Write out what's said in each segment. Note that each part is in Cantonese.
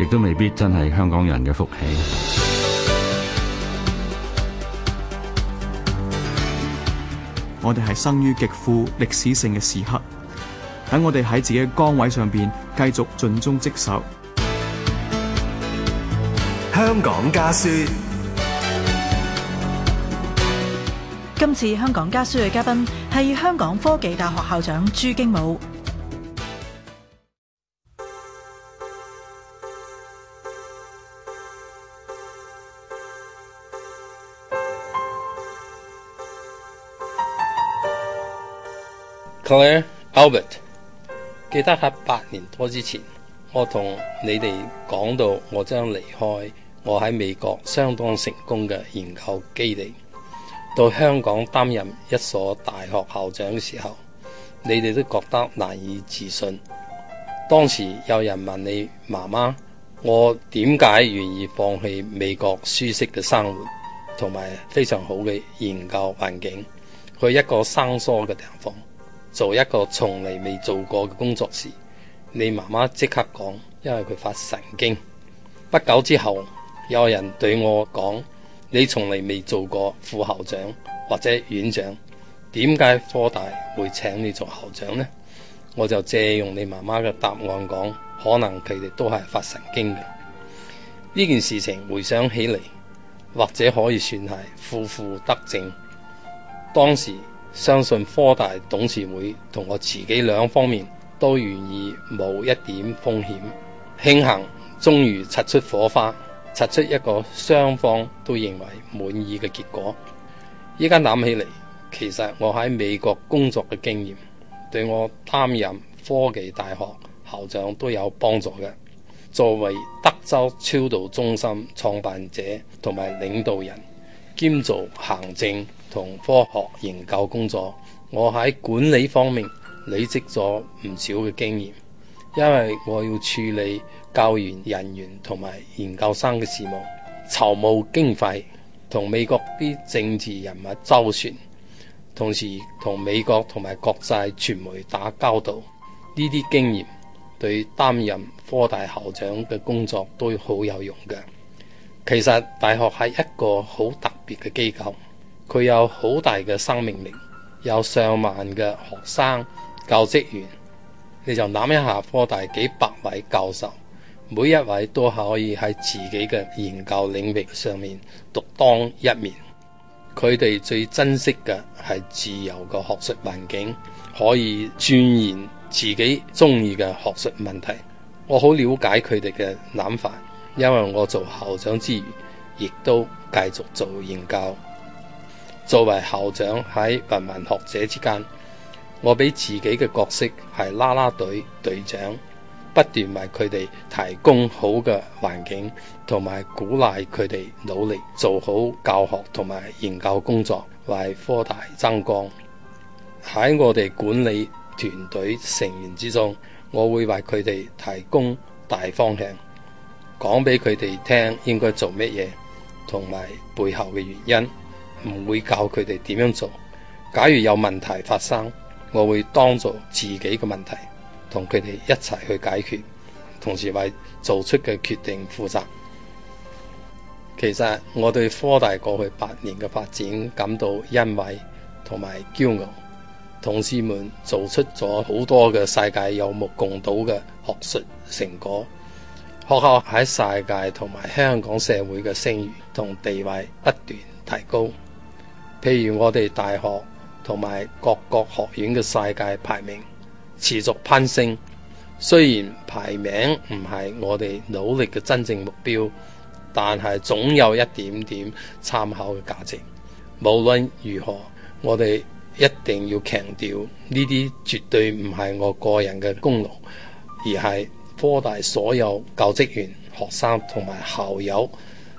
亦都未必真係香港人嘅福氣。我哋係生於極富歷史性嘅時刻，等我哋喺自己嘅崗位上邊繼續盡忠職守。香港家書，今次香港家書嘅嘉賓係香港科技大學校長朱經武。呢個呢，Albert，記得喺八年多之前，我同你哋講到我將離開我喺美國相當成功嘅研究基地，到香港擔任一所大學校長嘅時候，你哋都覺得難以置信。當時有人問你媽媽，我點解願意放棄美國舒適嘅生活，同埋非常好嘅研究環境，去一個生疏嘅地方？做一個從嚟未做過嘅工作時，你媽媽即刻講，因為佢發神經。不久之後，有人對我講：你從嚟未做過副校長或者院長，點解科大會請你做校長呢？我就借用你媽媽嘅答案講，可能佢哋都係發神經嘅。呢件事情回想起嚟，或者可以算係負負得正。當時。相信科大董事會同我自己兩方面都願意冇一點風險，慶幸終於擦出火花，擦出一個雙方都認為滿意嘅結果。依家諗起嚟，其實我喺美國工作嘅經驗對我擔任科技大學校長都有幫助嘅。作為德州超導中心創辦者同埋領導人，兼做行政。同科學研究工作，我喺管理方面累積咗唔少嘅經驗，因為我要處理教員人員同埋研究生嘅事務，籌募經費，同美國啲政治人物周旋，同時同美國同埋國際傳媒打交道。呢啲經驗對擔任科大校長嘅工作都好有用嘅。其實大學係一個好特別嘅機構。佢有好大嘅生命力，有上萬嘅學生教職員，你就諗一下科大幾百位教授，每一位都可以喺自己嘅研究領域上面獨當一面。佢哋最珍惜嘅係自由嘅學術環境，可以鑽研自己中意嘅學術問題。我好了解佢哋嘅諗法，因為我做校長之餘，亦都繼續做研究。作為校長喺芸芸學者之間，我俾自己嘅角色係啦啦隊隊長，不斷為佢哋提供好嘅環境，同埋鼓勵佢哋努力做好教學同埋研究工作，為科大增光。喺我哋管理團隊成員之中，我會為佢哋提供大方向，講俾佢哋聽應該做乜嘢，同埋背後嘅原因。唔會教佢哋點樣做。假如有問題發生，我會當做自己嘅問題，同佢哋一齊去解決，同時為做出嘅決定負責。其實我對科大過去八年嘅發展感到欣慰同埋驕傲，同事們做出咗好多嘅世界有目共睹嘅學術成果，學校喺世界同埋香港社會嘅聲譽同地位不斷提高。譬如我哋大學同埋各個學院嘅世界排名持續攀升，雖然排名唔係我哋努力嘅真正目標，但係總有一點點參考嘅價值。無論如何，我哋一定要強調，呢啲絕對唔係我個人嘅功勞，而係科大所有教職員、學生同埋校友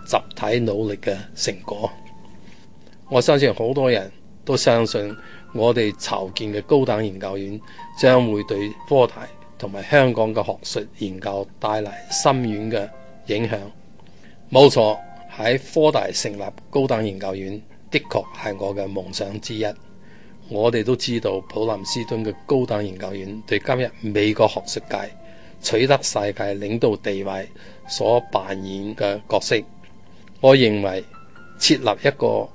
集體努力嘅成果。我相信好多人都相信我哋籌建嘅高等研究院將會對科大同埋香港嘅學術研究帶來深遠嘅影響。冇錯，喺科大成立高等研究院的確係我嘅夢想之一。我哋都知道普林斯頓嘅高等研究院對今日美國學術界取得世界領導地位所扮演嘅角色。我認為設立一個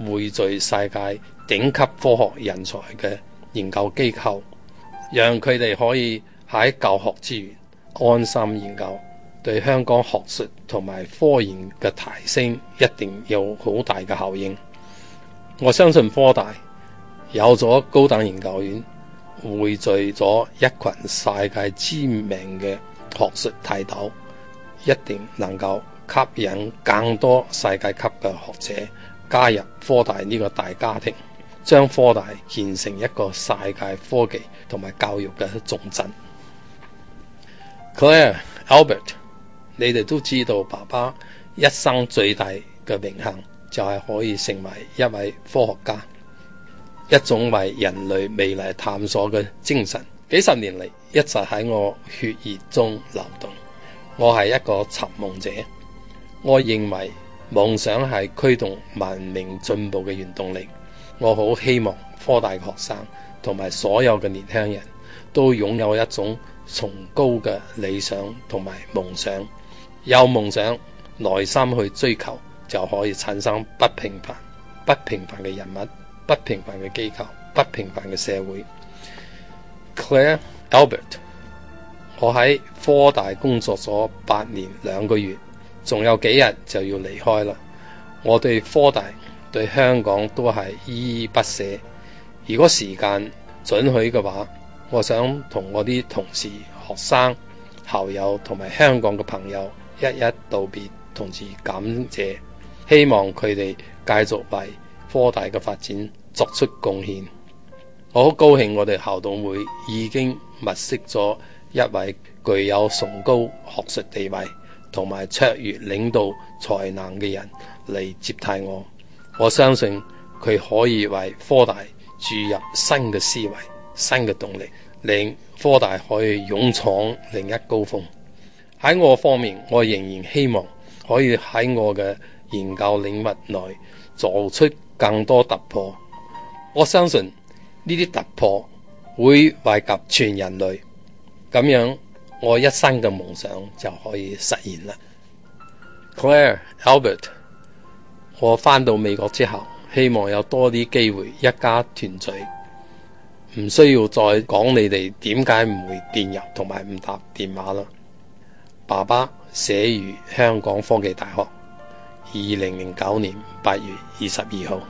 匯聚世界頂級科學人才嘅研究機構，讓佢哋可以喺教學資源安心研究，對香港學術同埋科研嘅提升一定有好大嘅效應。我相信科大有咗高等研究院，匯聚咗一群世界知名嘅學術泰斗，一定能夠吸引更多世界級嘅學者。加入科大呢個大家庭，將科大建成一個世界科技同埋教育嘅重鎮。Claire、Albert，你哋都知道，爸爸一生最大嘅榮幸就係可以成為一位科學家，一種為人類未來探索嘅精神，幾十年嚟一直喺我血液中流動。我係一個尋夢者，我認為。夢想係驅動文明進步嘅原動力，我好希望科大嘅學生同埋所有嘅年輕人都擁有一種崇高嘅理想同埋夢想，有夢想，耐心去追求就可以產生不平凡、不平凡嘅人物、不平凡嘅機構、不平凡嘅社會。Claire Albert，我喺科大工作咗八年兩個月。仲有幾日就要離開啦，我對科大、對香港都係依依不捨。如果時間准許嘅話，我想同我啲同事、學生、校友同埋香港嘅朋友一一道別，同時感謝，希望佢哋繼續為科大嘅發展作出貢獻。我好高興，我哋校董會已經物色咗一位具有崇高學術地位，同埋卓越領導才能嘅人嚟接替我，我相信佢可以為科大注入新嘅思維、新嘅動力，令科大可以勇闖另一高峰。喺我方面，我仍然希望可以喺我嘅研究領域內做出更多突破。我相信呢啲突破會惠及全人類。咁樣。我一生嘅夢想就可以實現啦，Clare Albert，我返到美國之後，希望有多啲機會一家團聚，唔需要再講你哋點解唔會電郵同埋唔答電話啦。爸爸寫於香港科技大學，二零零九年八月二十二號。